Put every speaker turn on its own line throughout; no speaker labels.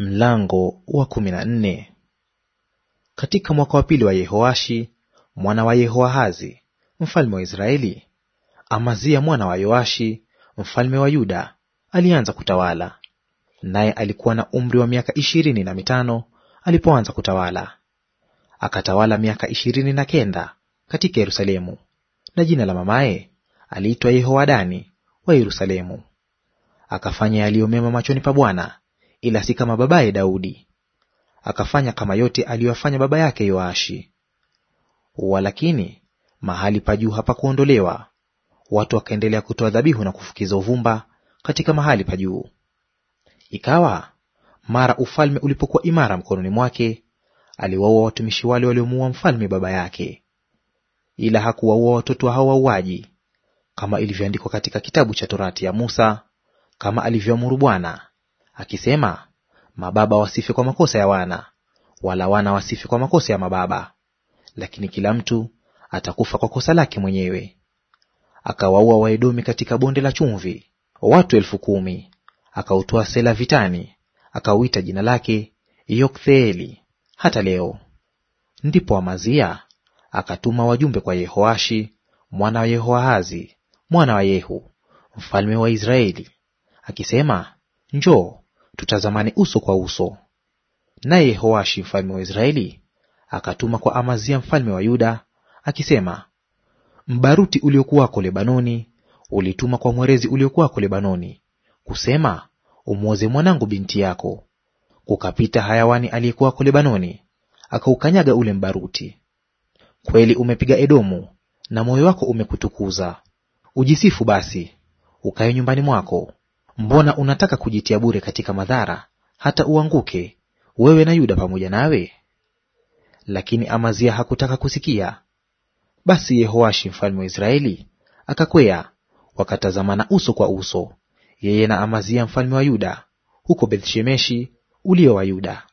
Mlango wa kumi na nne. Katika mwaka wa pili wa Yehoashi mwana wa Yehoahazi mfalme wa Israeli, Amazia mwana wa Yoashi mfalme wa Yuda alianza kutawala, naye alikuwa na umri wa miaka ishirini na mitano alipoanza kutawala. Akatawala miaka ishirini na kenda katika Yerusalemu, na jina la mamaye aliitwa Yehoadani wa Yerusalemu. Akafanya yaliyo mema machoni pa Bwana ila si kama babaye Daudi. Akafanya kama yote aliyoyafanya baba yake Yoashi. Walakini mahali pa juu hapakuondolewa, watu wakaendelea kutoa dhabihu na kufukiza uvumba katika mahali pa juu. Ikawa mara ufalme ulipokuwa imara mkononi mwake, aliwaua watumishi wale waliomuua mfalme baba yake, ila hakuwaua watoto hao wauaji, kama ilivyoandikwa katika kitabu cha Torati ya Musa, kama alivyoamuru Bwana akisema, mababa wasife kwa makosa ya wana, wala wana wasife kwa makosa ya mababa, lakini kila mtu atakufa kwa kosa lake mwenyewe. Akawaua Waedomi katika bonde la chumvi watu elfu kumi. Akautoa Sela vitani, akauita jina lake Yoktheeli hata leo. Ndipo Amazia akatuma wajumbe kwa Yehoashi mwana wa Yehoahazi mwana wa Yehu mfalme wa Israeli akisema, njoo tutazamane uso kwa uso. Naye Yehoashi mfalme wa Israeli akatuma kwa Amazia mfalme wa Yuda akisema, mbaruti uliokuwako Lebanoni ulituma kwa mwerezi uliokuwako Lebanoni kusema, umwoze mwanangu binti yako. Kukapita hayawani aliyekuwako Lebanoni akaukanyaga ule mbaruti. Kweli umepiga Edomu, na moyo wako umekutukuza. Ujisifu basi ukae nyumbani mwako, Mbona unataka kujitia bure katika madhara, hata uanguke wewe na Yuda pamoja nawe? Lakini Amazia hakutaka kusikia. Basi Yehoashi mfalme wa Israeli akakwea, wakatazamana uso kwa uso, yeye na Amazia mfalme wa Yuda huko Bethshemeshi ulio wa Yuda.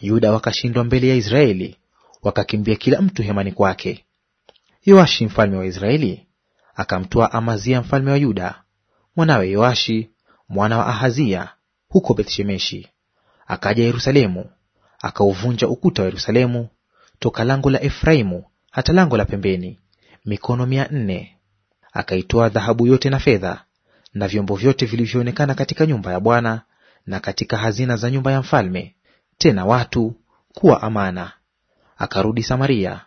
Yuda wakashindwa mbele ya Israeli, wakakimbia kila mtu hemani kwake. Yoashi mfalme wa Israeli akamtoa Amazia mfalme wa Yuda mwanawe Yoashi mwana wa Ahazia huko Bethshemeshi. Akaja Yerusalemu, akauvunja ukuta wa Yerusalemu toka lango la Efraimu hata lango la pembeni, mikono mia nne. Akaitoa dhahabu yote na fedha na vyombo vyote vilivyoonekana katika nyumba ya Bwana na katika hazina za nyumba ya mfalme, tena watu kuwa amana. Akarudi Samaria.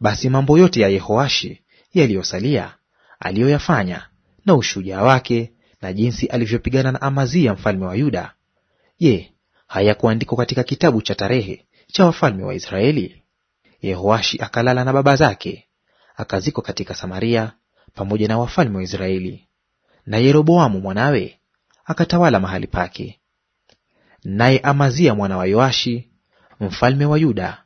Basi mambo yote ya Yehoashi yaliyosalia aliyoyafanya na ushujaa wake na jinsi alivyopigana na Amazia mfalme wa Yuda, je, hayakuandikwa katika kitabu cha tarehe cha wafalme wa Israeli? Yehoashi akalala na baba zake, akazikwa katika Samaria pamoja na wafalme wa Israeli, na Yeroboamu mwanawe akatawala mahali pake. Naye Amazia mwana wa Yoashi mfalme wa Yuda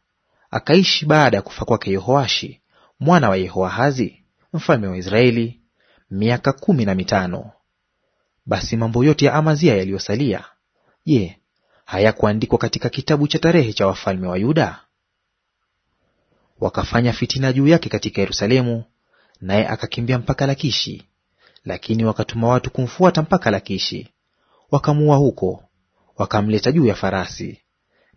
akaishi baada ya kufa kwake Yehoashi mwana wa Yehoahazi mfalme wa Israeli miaka kumi na mitano. Basi mambo yote ya Amazia yaliyosalia, je, hayakuandikwa katika kitabu cha tarehe cha wafalme wa Yuda? Wakafanya fitina juu yake katika Yerusalemu, naye akakimbia mpaka Lakishi. Lakini wakatuma watu kumfuata mpaka Lakishi, wakamuua huko, wakamleta juu ya farasi,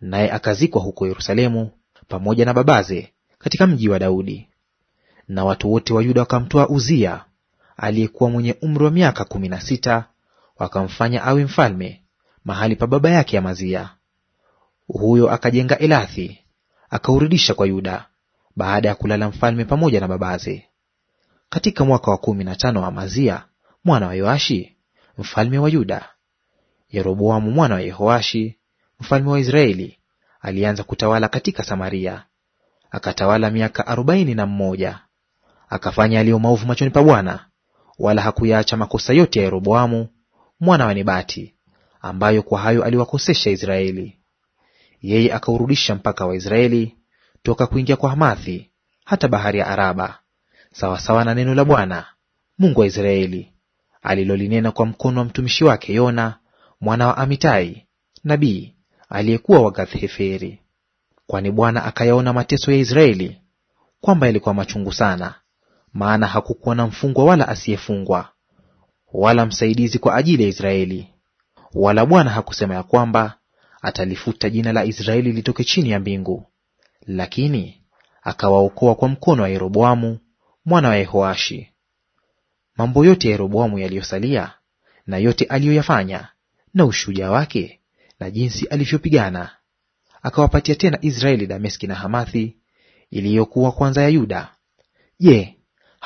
naye akazikwa huko Yerusalemu pamoja na babaze katika mji wa Daudi. Na watu wote wa Yuda wakamtoa Uzia aliyekuwa mwenye umri wa miaka kumi na sita, wakamfanya awe mfalme mahali pa baba yake Amazia. Huyo akajenga Elathi akaurudisha kwa Yuda baada ya kulala mfalme pamoja na babaze. Katika mwaka wa kumi na tano wa Amazia mwana wa Yoashi mfalme wa Yuda, Yeroboamu mwana wa Yehoashi mfalme wa Israeli alianza kutawala katika Samaria, akatawala miaka arobaini na mmoja. Akafanya aliyo maovu machoni pa Bwana, wala hakuyaacha makosa yote ya Yeroboamu mwana wa Nebati, ambayo kwa hayo aliwakosesha Israeli. Yeye akaurudisha mpaka wa Israeli toka kuingia kwa Hamathi hata bahari ya Araba, sawasawa na neno la Bwana Mungu wa Israeli alilolinena kwa mkono wa mtumishi wake Yona mwana wa Amitai nabii aliyekuwa wa Gath-Heferi. Kwani Bwana akayaona mateso ya Israeli, kwamba yalikuwa machungu sana, maana hakukuwa na mfungwa wala asiyefungwa, wala msaidizi kwa ajili ya Israeli. Wala Bwana hakusema ya kwamba atalifuta jina la Israeli litoke chini ya mbingu, lakini akawaokoa kwa mkono wa Yeroboamu mwana wa Yehoashi. Mambo yote ya Yeroboamu yaliyosalia na yote aliyoyafanya na ushujaa wake na jinsi alivyopigana, akawapatia tena Israeli Dameski na Hamathi iliyokuwa kwanza ya Yuda. Je,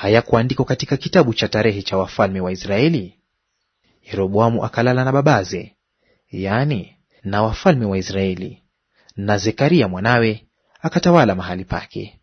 hayakuandikwa katika kitabu cha tarehe cha wafalme wa Israeli? Yeroboamu akalala na babaze, yaani na wafalme wa Israeli, na Zekaria mwanawe akatawala mahali pake.